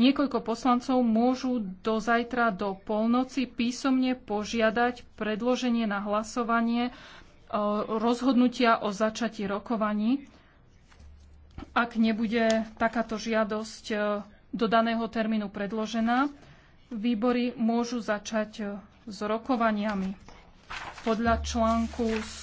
Niekoľko poslancov môžu do zajtra do polnoci písomne požiadať predloženie na hlasovanie e, rozhodnutia o začati rokovaní. Ak nebude takáto žiadosť e, do daného termínu predložená, výbory môžu začať e, s rokovaniami. Podľa článku